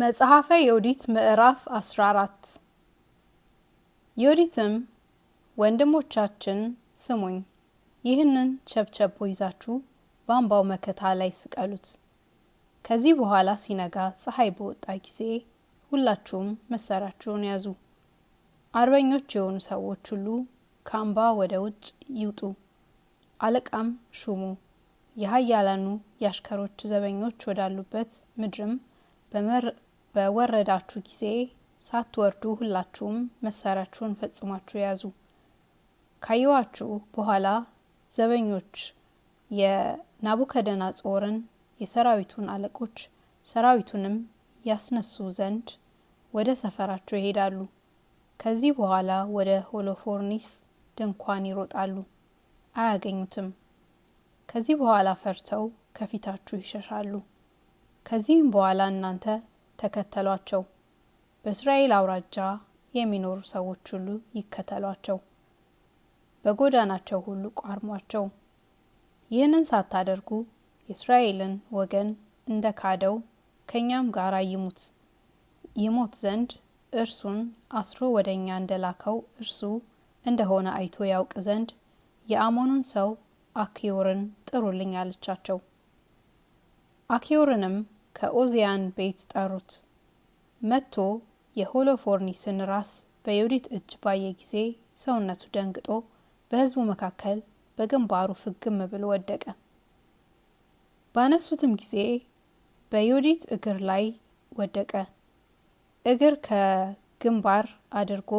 መጽሐፈ ዮዲት ምዕራፍ 14 ዮዲትም ወንድሞቻችን ስሙኝ፣ ይህንን ቸብቸቦ ይዛችሁ በአምባው መከታ ላይ ስቀሉት። ከዚህ በኋላ ሲነጋ ፀሐይ በወጣ ጊዜ ሁላችሁም መሳሪያችሁን ያዙ። አርበኞች የሆኑ ሰዎች ሁሉ ከአምባ ወደ ውጭ ይውጡ። አለቃም ሹሙ። የሀያላኑ የአሽከሮች ዘበኞች ወዳሉበት ምድርም በወረዳችሁ ጊዜ ሳትወርዱ ሁላችሁም መሳሪያችሁን ፈጽሟችሁ ያዙ። ካየዋችሁ በኋላ ዘበኞች ጾርን የሰራዊቱን አለቆች ሰራዊቱንም ያስነሱ ዘንድ ወደ ሰፈራቸው ይሄዳሉ። ከዚህ በኋላ ወደ ሆሎፎርኒስ ድንኳን ይሮጣሉ፣ አያገኙትም። ከዚህ በኋላ ፈርተው ከፊታችሁ ይሸሻሉ። ከዚህም በኋላ እናንተ ተከተሏቸው። በእስራኤል አውራጃ የሚኖሩ ሰዎች ሁሉ ይከተሏቸው፣ በጎዳናቸው ሁሉ ቋርሟቸው። ይህንን ሳታደርጉ የእስራኤልን ወገን እንደ ካደው ከእኛም ጋር ይሙት ይሞት ዘንድ እርሱን አስሮ ወደ እኛ እንደ ላከው እርሱ እንደሆነ አይቶ ያውቅ ዘንድ የአሞኑን ሰው አኪዮርን ጥሩልኝ አለቻቸው። አኪዮርንም ከኦዚያን ቤት ጠሩት። መጥቶ የሆሎፎርኒስን ራስ በዮዲት እጅ ባየ ጊዜ ሰውነቱ ደንግጦ በህዝቡ መካከል በግንባሩ ፍግም ብሎ ወደቀ። ባነሱትም ጊዜ በዩዲት እግር ላይ ወደቀ። እግር ከግንባር አድርጎ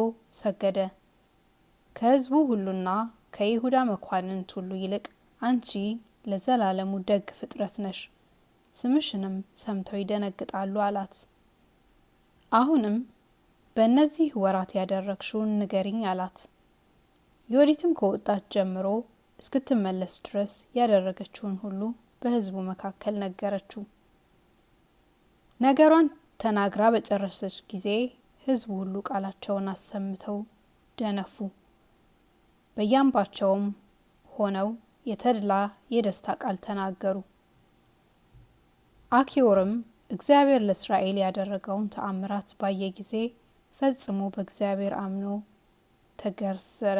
ሰገደ። ከህዝቡ ሁሉና ከይሁዳ መኳንንት ሁሉ ይልቅ አንቺ ለዘላለሙ ደግ ፍጥረት ነሽ ስምሽንም ሰምተው ይደነግጣሉ አላት። አሁንም በእነዚህ ወራት ያደረግሽውን ንገሪኝ አላት። ዮዲትም ከወጣት ጀምሮ እስክትመለስ ድረስ ያደረገችውን ሁሉ በህዝቡ መካከል ነገረችው። ነገሯን ተናግራ በጨረሰች ጊዜ ህዝቡ ሁሉ ቃላቸውን አሰምተው ደነፉ። በያምባቸውም ሆነው የተድላ የደስታ ቃል ተናገሩ። አኪዮርም እግዚአብሔር ለእስራኤል ያደረገውን ተአምራት ባየ ጊዜ ፈጽሞ በእግዚአብሔር አምኖ ተገርዘረ።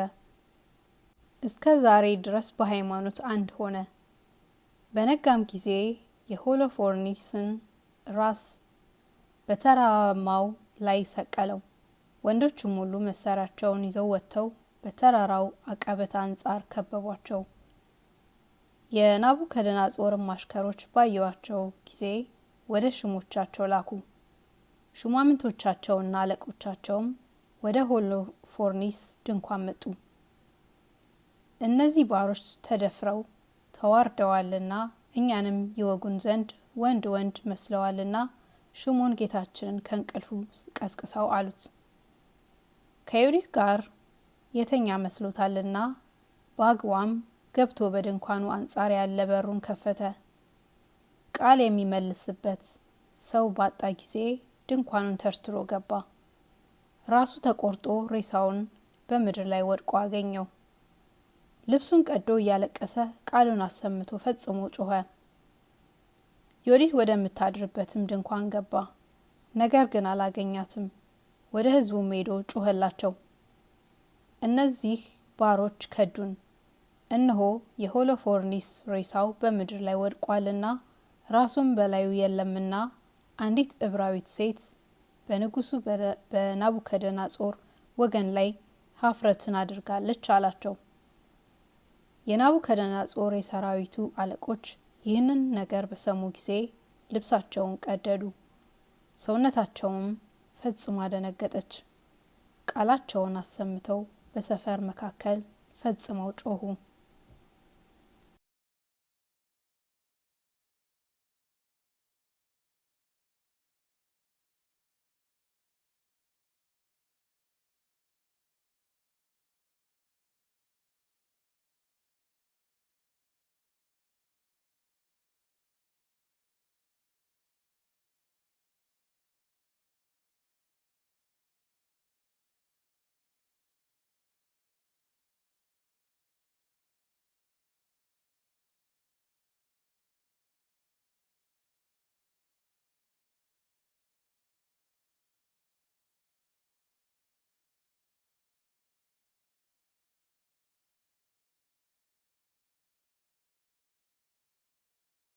እስከ ዛሬ ድረስ በሃይማኖት አንድ ሆነ። በነጋም ጊዜ የሆሎፎርኒስን ራስ በተራማው ላይ ሰቀለው። ወንዶቹም ሁሉ መሳሪያቸውን ይዘው ወጥተው በተራራው አቀበት አንጻር ከበቧቸው። የናቡከደነፆርም ማሽከሮች ባየዋቸው ጊዜ ወደ ሹሞቻቸው ላኩ። ሹማምንቶቻቸውና አለቆቻቸውም ወደ ሆሎፎርኒስ ድንኳን መጡ። እነዚህ ባሮች ተደፍረው ተዋርደዋልና እኛንም ይወጉን ዘንድ ወንድ ወንድ መስለዋልና ሽሙን ጌታችንን ከእንቅልፉ ቀስቅሰው አሉት። ከዩዲት ጋር የተኛ መስሎታልና ባግዋም ገብቶ በድንኳኑ አንጻር ያለ በሩን ከፈተ። ቃል የሚመልስበት ሰው ባጣ ጊዜ ድንኳኑን ተርትሮ ገባ። ራሱ ተቆርጦ ሬሳውን በምድር ላይ ወድቆ አገኘው። ልብሱን ቀዶ እያለቀሰ ቃሉን አሰምቶ ፈጽሞ ጮኸ። ዮዲት ወደምታድርበትም ድንኳን ገባ። ነገር ግን አላገኛትም። ወደ ህዝቡም ሄዶ ጩኸላቸው። እነዚህ ባሮች ከዱን እነሆ የሆሎፎርኒስ ሬሳው በምድር ላይ ወድቋልና ራሱም በላዩ የለምና አንዲት እብራዊት ሴት በንጉሱ ጾር ወገን ላይ ሀፍረትን አድርጋለች አላቸው። ጾር የሰራዊቱ አለቆች ይህንን ነገር በሰሙ ጊዜ ልብሳቸውን ቀደዱ፣ ሰውነታቸውም ፈጽማ ደነገጠች። ቃላቸውን አሰምተው በሰፈር መካከል ፈጽመው ጮኹ።